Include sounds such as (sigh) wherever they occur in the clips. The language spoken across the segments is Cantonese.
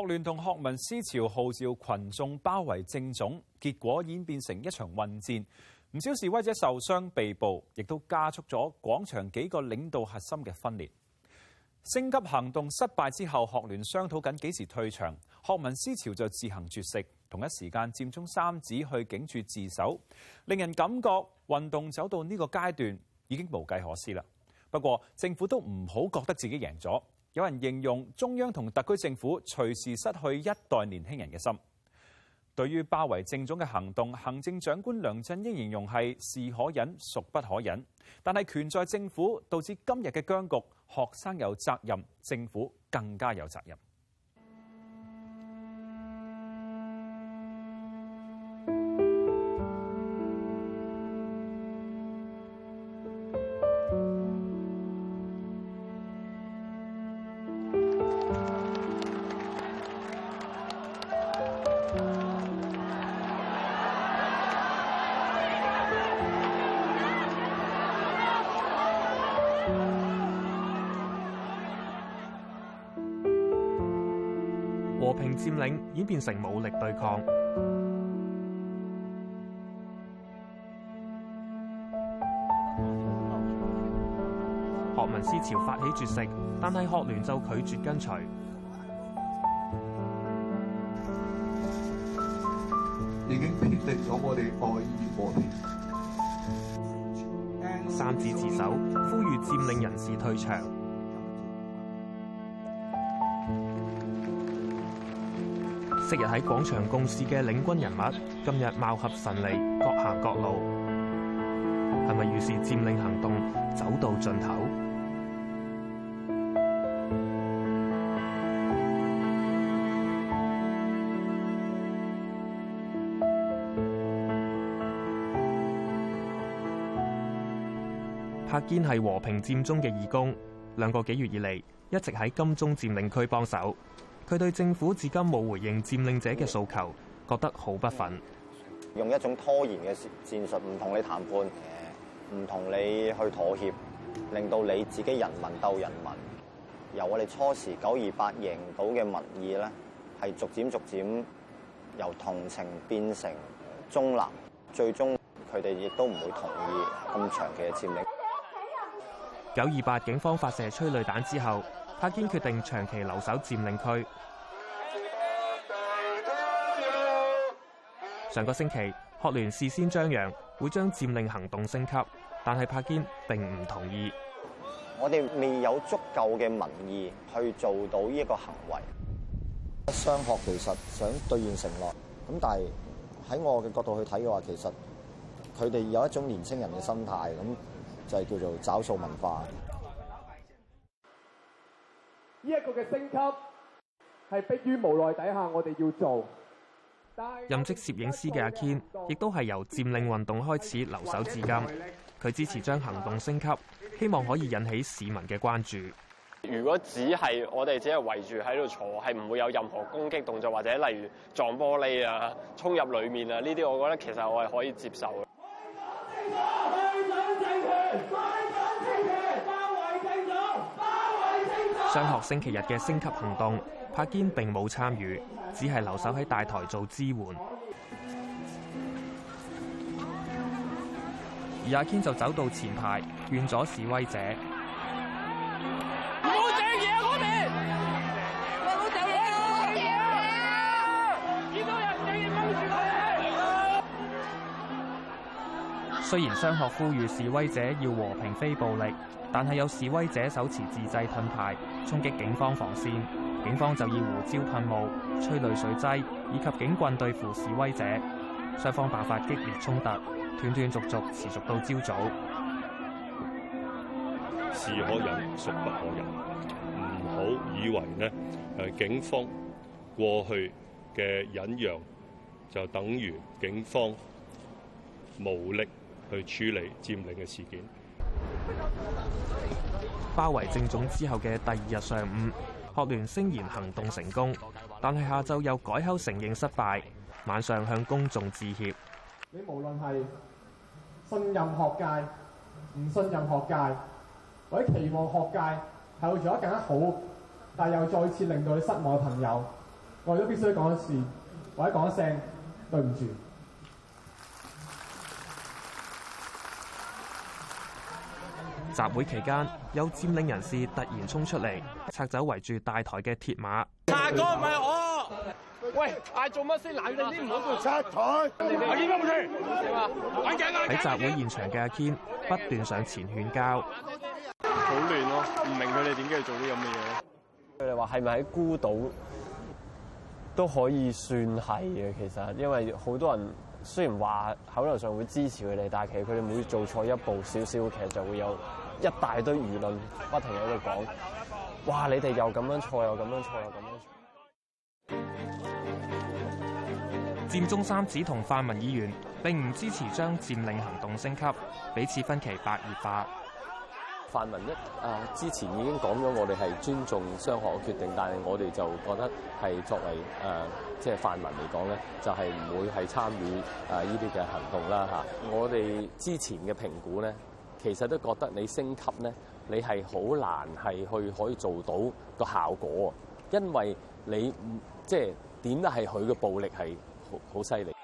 學聯同學民思潮號召群眾包圍政總，結果演變成一場混戰，唔少示威者受傷被捕，亦都加速咗廣場幾個領導核心嘅分裂。升級行動失敗之後，學聯商討緊幾時退場，學民思潮就自行絕食。同一時間，佔中三子去警署自首，令人感覺運動走到呢個階段已經無計可施啦。不過政府都唔好覺得自己贏咗。有人形容中央同特區政府隨時失去一代年輕人嘅心。對於包圍政總嘅行動，行政長官梁振英形容係是可忍，孰不可忍。但係權在政府，導致今日嘅僵局，學生有責任，政府更加有責任。佔領演變成武力對抗，學民思潮發起絕食，但係學聯就拒絕跟隨，已經撇定咗我哋愛與和平，三子自首，呼籲佔領人士退場。昔日喺廣場共事嘅領軍人物，今日貌合神離，各行各路，係咪預示佔領行動走到盡頭？柏堅係和平佔中嘅義工，兩個幾月以嚟一直喺金鐘佔領區幫手。佢對政府至今冇回應佔領者嘅訴求，覺得好不忿。用一種拖延嘅戰術，唔同你談判，唔同你去妥協，令到你自己人民鬥人民。由我哋初時九二八贏到嘅民意咧，係逐漸逐漸由同情變成中立，最終佢哋亦都唔會同意咁長期嘅佔領。九二八警方發射催淚彈之後，柏堅決定長期留守佔領區。上個星期，學聯事先張揚會將佔領行動升級，但係柏堅並唔同意。我哋未有足夠嘅民意去做到呢一個,個行為。雙學其實想兌現承諾，咁但係喺我嘅角度去睇嘅話，其實佢哋有一種年輕人嘅心態，咁就係叫做找數文化。呢、這、一個嘅升級係迫於無奈底下，我哋要做。任職攝影師嘅阿謙，亦都係由佔領運動開始留守至今。佢支持將行動升級，希望可以引起市民嘅關注。如果只係我哋只係圍住喺度坐，係唔會有任何攻擊動作或者例如撞玻璃啊、衝入裏面啊呢啲，這些我覺得其實我係可以接受嘅。商學星期日嘅升級行動，柏堅並冇參與，只係留守喺大台做支援。而阿堅就走到前排，勸咗示威者。冇正嘢嗰邊，我冇正嘢。幾多人嘢掹住佢？雖然商學呼籲示威者要和平非暴力，但係有示威者手持自製盾牌衝擊警方防線，警方就以胡椒噴霧、催淚水劑以及警棍對付示威者，雙方爆發激烈衝突，斷斷續續持續到朝早。是可忍孰不，不可忍？唔好以為警方過去嘅忍讓就等於警方無力去處理佔領嘅事件。包圍政總之後嘅第二日上午，學聯聲言行動成功，但係下晝又改口承認失敗，晚上向公眾致歉。你無論係信任學界、唔信任學界，或者期望學界係會做得更加好，但又再次令到你失望嘅朋友，我哋都必須講一次，或者講一聲對唔住。集會期間，有佔領人士突然衝出嚟，拆走圍住大台嘅鐵馬。大哥唔係我，喂，嗌做乜先？你哋唔好喺度拆台，我點解冇事？喺集會現場嘅阿堅不斷上前勸交，好亂咯，唔明佢哋點解做啲咁嘅嘢。佢哋話係咪喺孤島都可以算係嘅？其實因為好多人雖然話口頭上會支持佢哋，但係其實佢哋每做錯一步，少少其實就會有。一大堆輿論不停喺度講，哇！你哋又咁樣錯，又咁樣錯，又咁樣錯。佔中三子同泛民議員並唔支持將佔領行動升級，彼此分歧白熱化。泛民一啊，之前已經講咗我哋係尊重雙學嘅決定，但係我哋就覺得係作為誒即係泛民嚟講咧，就係、是、唔會係參與誒呢啲嘅行動啦嚇。我哋之前嘅評估咧。其實都覺得你升級呢，你係好難係去可以做到個效果，因為你即係點都係佢嘅暴力係好好犀利。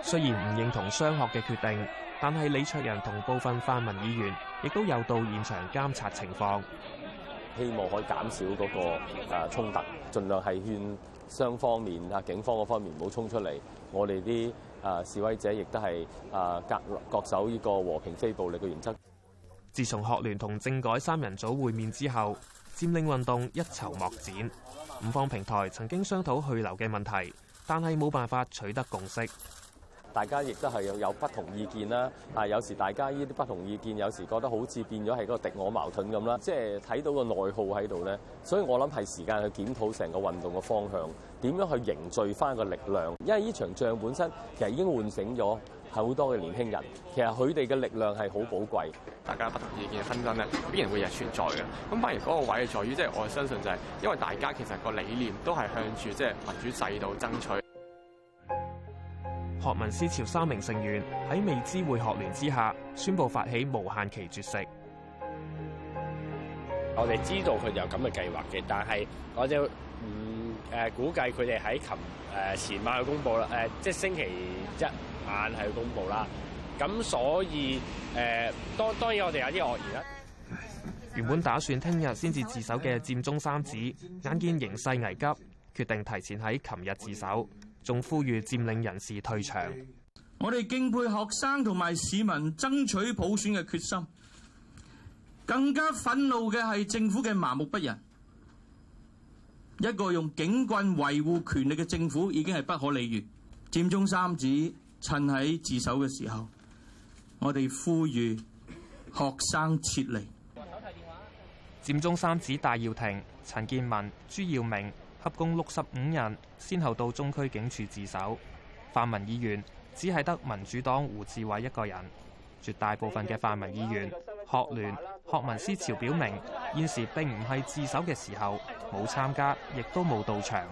雖然唔認同雙學嘅決定，但係李卓人同部分泛民議員亦都有到現場監察情況，希望可以減少嗰、那個誒、啊、衝突，盡量係勸。雙方面啊，警方嗰方面冇衝出嚟，我哋啲示威者亦都係恪，恪守呢個和平非暴力嘅原則。自從學聯同政改三人組會面之後，佔領運動一籌莫展。五方平台曾經商討去留嘅問題，但係冇辦法取得共識。大家亦都係有有不同意見啦，但係有時大家呢啲不同意見，有時覺得好似變咗係嗰個敵我矛盾咁啦，即係睇到個內耗喺度咧。所以我諗係時間去檢討成個運動嘅方向，點樣去凝聚翻個力量。因為呢場仗本身其實已經喚醒咗好多嘅年輕人，其實佢哋嘅力量係好寶貴。大家不同意見嘅紛爭咧，必然會係存在嘅？咁反而嗰個位在於，即係我相信就係，因為大家其實個理念都係向住即係民主制度爭取。學民思潮三名成員喺未知會學聯之下宣布發起無限期絕食。我哋知道佢哋有咁嘅計劃嘅，但係我就唔誒估計佢哋喺琴誒前晚去公布啦，誒即係星期一晚係去公布啦。咁所以誒，當當然我哋有啲愕然啦。原本打算聽日先至自首嘅佔中三子，眼見形勢危急，決定提前喺琴日自首。仲呼籲佔領人士退場。我哋敬佩學生同埋市民爭取普選嘅決心，更加憤怒嘅係政府嘅麻木不仁。一個用警棍維護權力嘅政府已經係不可理喻。佔中三子趁喺自首嘅時候，我哋呼籲學生撤離。佔中三子：戴耀廷、陳建文、朱耀明。合共六十五人，先後到中區警署自首。泛民議員只係得民主黨胡志偉一個人，絕大部分嘅泛民議員、學聯、學民思潮表明，現時並唔係自首嘅時候，冇參加，亦都冇到場，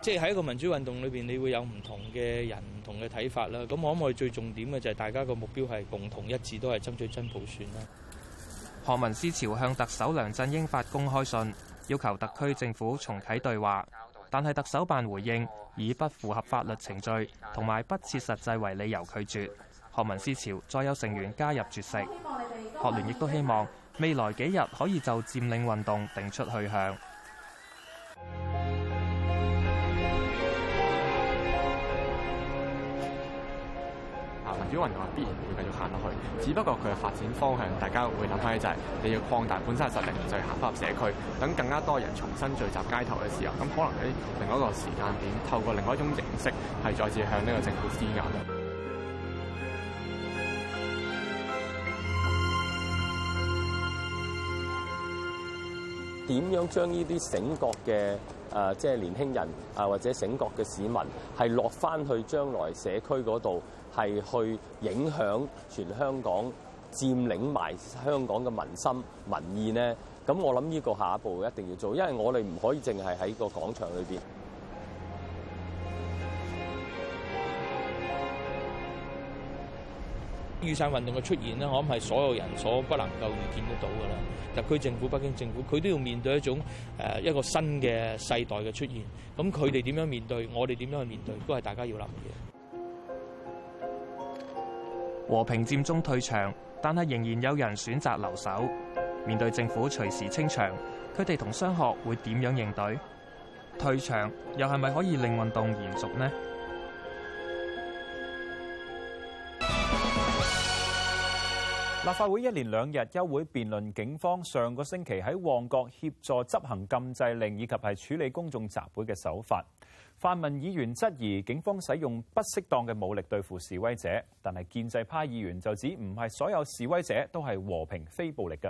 即係喺一個民主運動裏邊你會有唔同嘅人、唔同嘅睇法啦。咁我諗我哋最重點嘅就係大家嘅目標係共同一致，都係爭取真普選咧？學民思潮向特首梁振英發公開信。要求特區政府重啟對話，但係特首辦回應以不符合法律程序同埋不切實際為理由拒絕。學民思潮再有成員加入絕食，學聯亦都希望未來幾日可以就佔領運動定出去向。有人話必然會繼續行落去，只不過佢嘅發展方向，大家會諗翻啲就係、是、你要擴大本身嘅實力，就要行翻入社區，等更加多人重新聚集街頭嘅時候，咁可能喺另一個時間點，透過另外一種形式，係再次向呢個政府施壓。點樣將呢啲醒覺嘅誒、呃，即係年輕人啊，或者醒覺嘅市民，係落翻去將來社區嗰度？係去影響全香港佔領埋香港嘅民心民意呢，咁我諗呢個下一步一定要做，因為我哋唔可以淨係喺個廣場裏面。雨傘運動嘅出現呢，我諗係所有人所不能夠預見得到嘅啦。特區政府、北京政府，佢都要面對一種、呃、一個新嘅世代嘅出現，咁佢哋點樣面對，我哋點樣去面對，都係大家要諗嘅。和平佔中退場，但係仍然有人選擇留守。面對政府隨時清場，佢哋同商學會點樣應對？退場又係咪可以令運動延續呢？立法會一連兩日休會辯論警方上個星期喺旺角協助執行禁制令以及係處理公眾集會嘅手法。泛民議員質疑警方使用不適當嘅武力對付示威者，但係建制派議員就指唔係所有示威者都係和平非暴力嘅。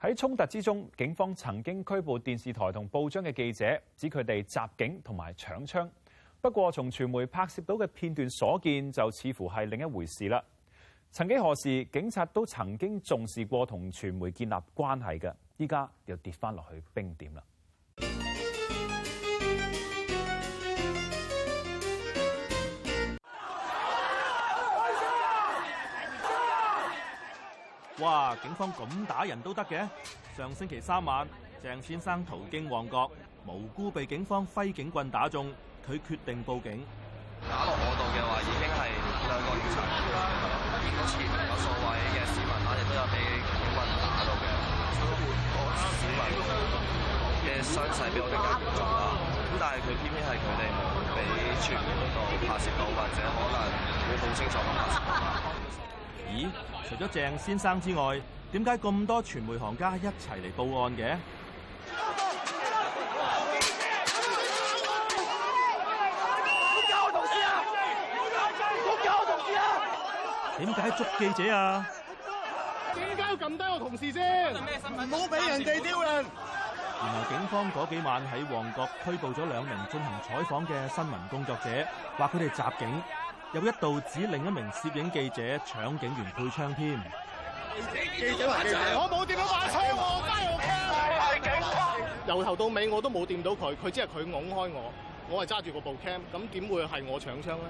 喺衝突之中，警方曾經拘捕電視台同報章嘅記者，指佢哋襲警同埋搶槍。不過，從傳媒拍攝到嘅片段所見，就似乎係另一回事啦。曾幾何時，警察都曾經重視過同傳媒建立關係嘅，依家又跌翻落去冰點啦。哇！警方咁打人都得嘅。上星期三晚，鄭先生途經旺角，無辜被警方揮警棍打中，佢決定報警。打落我度嘅話，已經係兩個警察嘅時候，面前有數位嘅市民，我哋都有被警棍打到嘅，導致我市民嘅傷勢比我哋更加重啦。咁但係佢偏偏係佢哋冇俾傳媒度拍攝到，或者可能會好清楚嘅拍攝到啊。除咗鄭先生之外，點解咁多傳媒行家一齊嚟報案嘅？我搞我同事啊！我搞我同事啊！點解捉記者啊？點解要撳低我同事先？唔好俾人哋丟人！然後警方嗰幾晚喺旺角拘捕咗兩名進行採訪嘅新聞工作者，話佢哋襲警。有一度指另一名攝影記者搶警員配槍添。記者，我冇掂到拿槍喎，揸 cam 係緊。由頭到尾我都冇掂到佢，佢只係佢拱開我，我係揸住個部 cam，咁點會係我搶槍咧？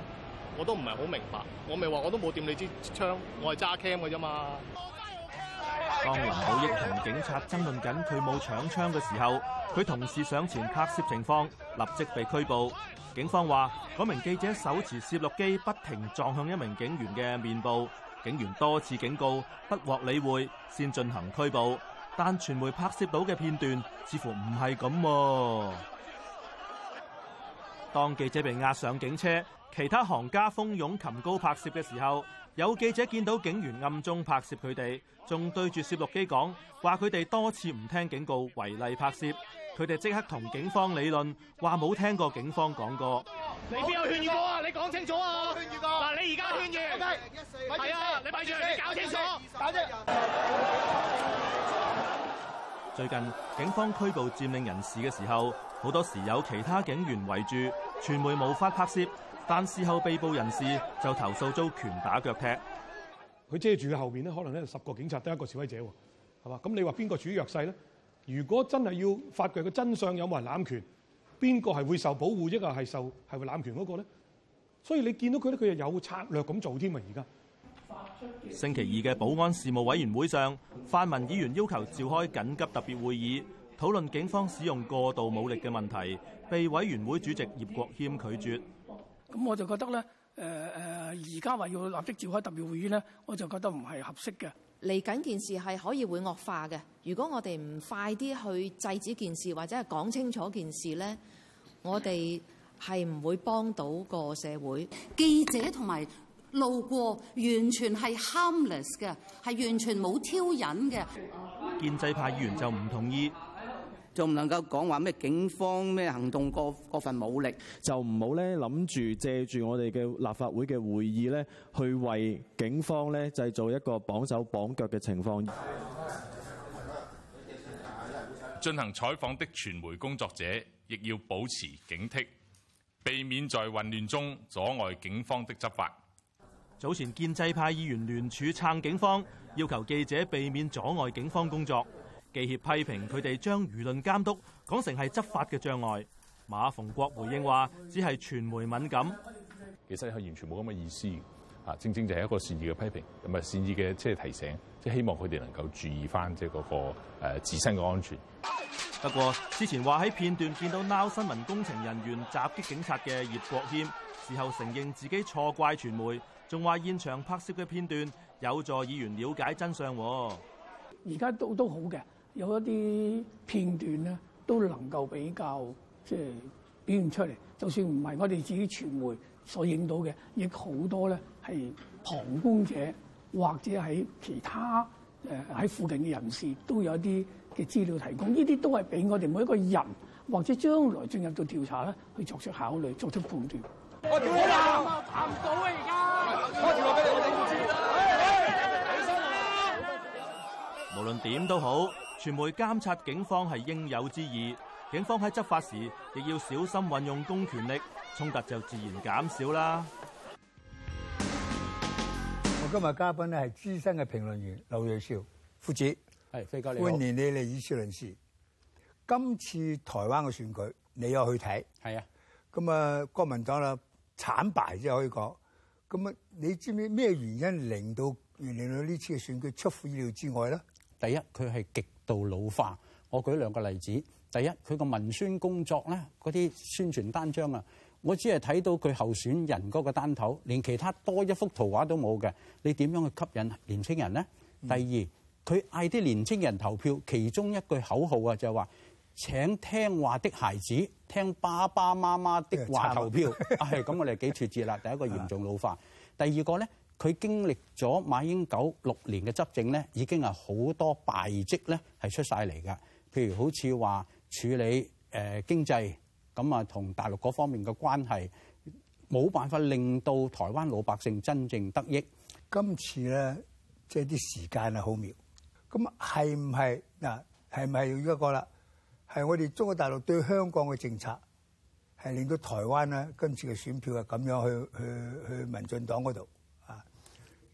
我都唔係好明白，我咪話我都冇掂你支槍，我係揸 cam 嘅啫嘛。當林寶益同警察爭論緊佢冇搶槍嘅時候，佢同事上前拍攝情況，立即被拘捕。警方話，嗰名記者手持攝錄機不停撞向一名警員嘅面部，警員多次警告不獲理會，先進行拘捕。但傳媒拍攝到嘅片段似乎唔係咁。當記者被押上警車，其他行家蜂擁擒高拍攝嘅時候，有記者見到警員暗中拍攝佢哋，仲對住攝錄機講話，佢哋多次唔聽警告違例拍攝，佢哋即刻同警方理論，話冇聽過警方講過，你邊有勸喻過啊？你講清楚啊。勸喻過。嗱，你而家勸住，係啊，你閉住、啊，你搞清楚。最近警方拘捕佔領人士嘅時候，好多時有其他警員圍住，傳媒無法拍攝，但事後被捕人士就投訴遭拳打腳踢。佢遮住嘅後面咧，可能咧十個警察得一個示威者喎，係嘛？咁你話邊個處於弱勢咧？如果真係要發掘嘅真相有冇人濫權，邊個係會受保護，一個係受係會濫權嗰個咧？所以你見到佢咧，佢又有策略咁做添啊而家。星期二嘅保安事務委員會上，泛民議員要求召開緊急特別會議，討論警方使用過度武力嘅問題，被委員會主席葉國謙拒絕。咁我就覺得咧，誒、呃、誒，而家話要立即召開特別會議呢，我就覺得唔係合適嘅。嚟緊件事係可以會惡化嘅，如果我哋唔快啲去制止件事，或者係講清楚件事呢，我哋係唔會幫到個社會記者同埋。路過完全係 harmless 嘅，係完全冇挑釁嘅。建制派議員就唔同意，仲唔能夠講話咩？警方咩行動過過份武力，就唔好咧諗住借住我哋嘅立法會嘅會議咧，去為警方咧製造一個綁手綁腳嘅情況。進行採訪的傳媒工作者亦要保持警惕，避免在混亂中阻礙警方的執法。早前建制派議員聯署撐警方，要求記者避免阻礙警方工作。記協批評佢哋將輿論監督講成係執法嘅障礙。馬逢國回應話：只係傳媒敏感，其實係完全冇咁嘅意思嚇，正正就係一個善意嘅批評，咁啊善意嘅即係提醒，即係希望佢哋能夠注意翻即係嗰個自身嘅安全。不過之前話喺片段見到 Now 新聞工程人員襲擊警察嘅葉國謙，事後承認自己錯怪傳媒。仲話現場拍攝嘅片段有助議員了解真相，哦現在。而家都都好嘅，有一啲片段咧都能夠比較即係表現出嚟。就算唔係我哋自己傳媒所影到嘅，亦好多咧係旁觀者或者喺其他喺、呃、附近嘅人士都有一啲嘅資料提供。呢啲都係俾我哋每一個人或者將來進入到調查咧去作出考慮，作出判斷。我點解打無論點都好，傳媒監察警方係應有之義。警方喺執法時，亦要小心運用公權力，衝突就自然減少啦。我今日嘉賓咧係資深嘅評論員劉銳紹夫子，係歡迎你嚟《議事論事》。今次台灣嘅選舉，你又去睇？係啊。咁啊，國民黨啦慘敗，即係可以講。咁啊，你知唔知咩原因令到令到呢次嘅選舉出乎意料之外咧？第一，佢係極度老化。我舉兩個例子。第一，佢個文宣工作咧，嗰啲宣傳單張啊，我只係睇到佢候選人嗰個單頭，連其他多一幅圖畫都冇嘅。你點樣去吸引年青人咧、嗯？第二，佢嗌啲年青人投票，其中一句口號啊就係、是、話：請聽話的孩子聽爸爸媽媽的話投票。係 (laughs) 咁、啊，是我哋幾脫節啦。第一個嚴重老化，第二個咧。佢經歷咗馬英九六年嘅執政咧，已經係好多敗績咧，係出曬嚟㗎。譬如好似話處理誒經濟，咁啊同大陸嗰方面嘅關係，冇辦法令到台灣老百姓真正得益。今次咧，即係啲時間啊，好妙。咁係唔係嗱？係咪一個啦？係我哋中國大陸對香港嘅政策，係令到台灣咧今次嘅選票係咁樣去去去民進黨嗰度。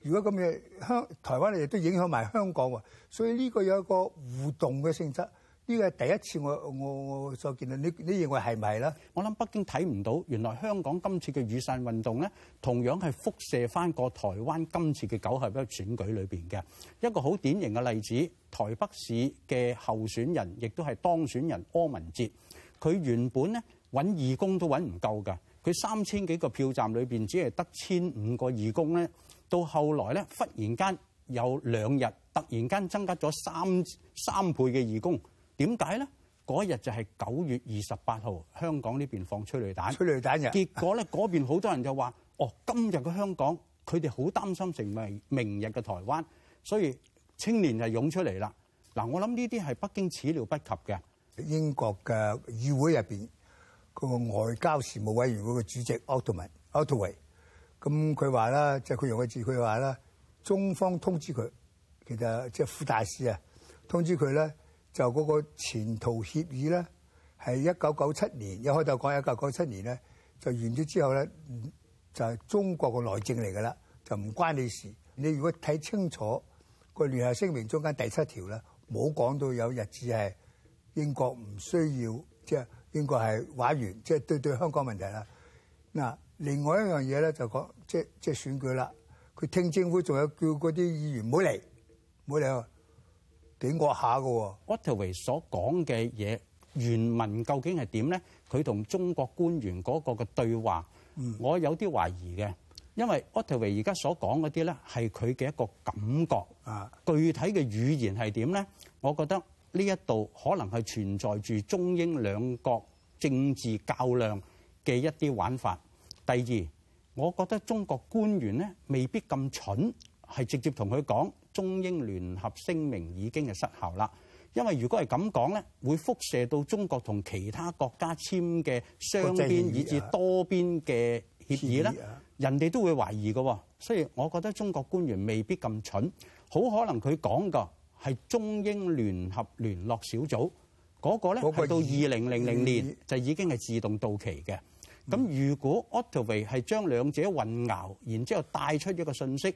如果咁嘅香台灣嚟亦都影響埋香港喎，所以呢個有一個互動嘅性質。呢個係第一次我我我再見到你，你認為係咪係咧？我諗北京睇唔到原來香港今次嘅雨傘運動咧，同樣係輻射翻個台灣今次嘅九合一選舉裏邊嘅一個好典型嘅例子。台北市嘅候選人亦都係當選人柯文哲，佢原本咧揾義工都揾唔夠㗎，佢三千幾個票站裏邊只係得千五個義工咧。到後來咧，忽然間有兩日，突然間增加咗三三倍嘅義工，點解咧？嗰日就係九月二十八號，香港呢邊放催淚彈，催淚彈日。結果咧，嗰邊好多人就話：哦，今日嘅香港，佢哋好擔心成為明日嘅台灣，所以青年就湧出嚟啦。嗱，我諗呢啲係北京始料不及嘅。英國嘅議會入邊，佢個外交事務委員會嘅主席 Altman，Ottaway。咁佢話啦，即係佢用個字，佢話啦，中方通知佢，其實即係副大使啊，通知佢咧，就嗰個前途協議咧，係一九九七年一開頭講一九九七年咧，就完咗之後咧，就係、是、中國個內政嚟㗎啦，就唔關你事。你如果睇清楚、個聯合聲明中間第七條咧，冇講到有日子係英國唔需要，即、就、係、是、英國係玩完，即、就、係、是、對對香港問題啦，嗱。另外一樣嘢咧，就講即係即係選舉啦。佢聽政府仲有叫嗰啲議員唔好嚟，唔好嚟啊，點惡下噶？Ottaway 所講嘅嘢原文究竟係點咧？佢同中國官員嗰個嘅對話，我有啲懷疑嘅，因為 Ottaway 而家所講嗰啲咧係佢嘅一個感覺。啊，具體嘅語言係點咧？我覺得呢一度可能係存在住中英兩國政治較量嘅一啲玩法。第二，我覺得中國官員咧未必咁蠢，係直接同佢講中英聯合聲明已經係失效啦。因為如果係咁講咧，會輻射到中國同其他國家簽嘅雙邊以至多邊嘅協議，啊、人哋都會懷疑㗎。所以，我覺得中國官員未必咁蠢，好可能佢講嘅係中英聯合聯絡小組嗰、嗰個咧，係到二零零零年就已經係自動到期嘅。咁、嗯、如果 Ottawa 係將兩者混淆，然之後帶出一個信息，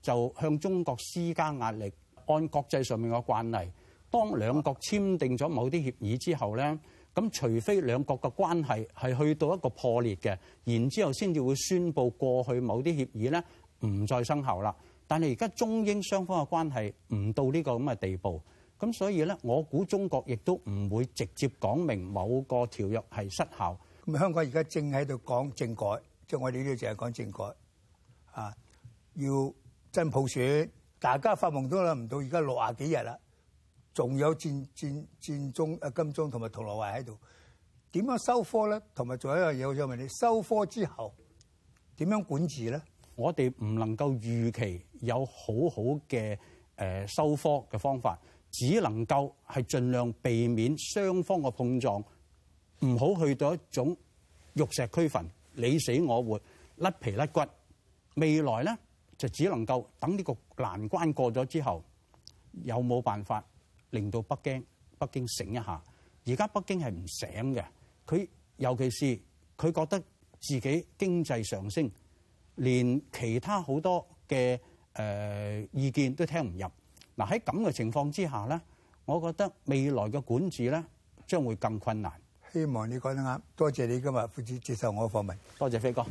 就向中國施加壓力。按國際上面嘅慣例，當兩國簽訂咗某啲協議之後咧，咁除非兩國嘅關係係去到一個破裂嘅，然之後先至會宣佈過去某啲協議咧唔再生效啦。但係而家中英雙方嘅關係唔到呢個咁嘅地步，咁所以咧，我估中國亦都唔會直接講明某個條約係失效。咁香港而家正喺度講政改，即係我哋呢度淨係講政改啊！要真普選，大家發夢都諗唔到在，而家六啊幾日啦，仲有戰戰戰中誒金鐘同埋銅鑼灣喺度，點樣收科咧？同埋仲有一樣嘢我想問你，收科之後點樣管治咧？我哋唔能夠預期有好好嘅誒收科嘅方法，只能夠係盡量避免雙方嘅碰撞。唔好去到一種玉石俱焚，你死我活，甩皮甩骨。未來咧就只能夠等呢個難關過咗之後，有冇辦法令到北京北京醒一下？而家北京係唔醒嘅，佢尤其是佢覺得自己經濟上升，連其他好多嘅誒意見都聽唔入。嗱，喺咁嘅情況之下咧，我覺得未來嘅管治咧將會更困難。希望你講得啱，多謝你今日負責接受我嘅訪問，多謝飛哥。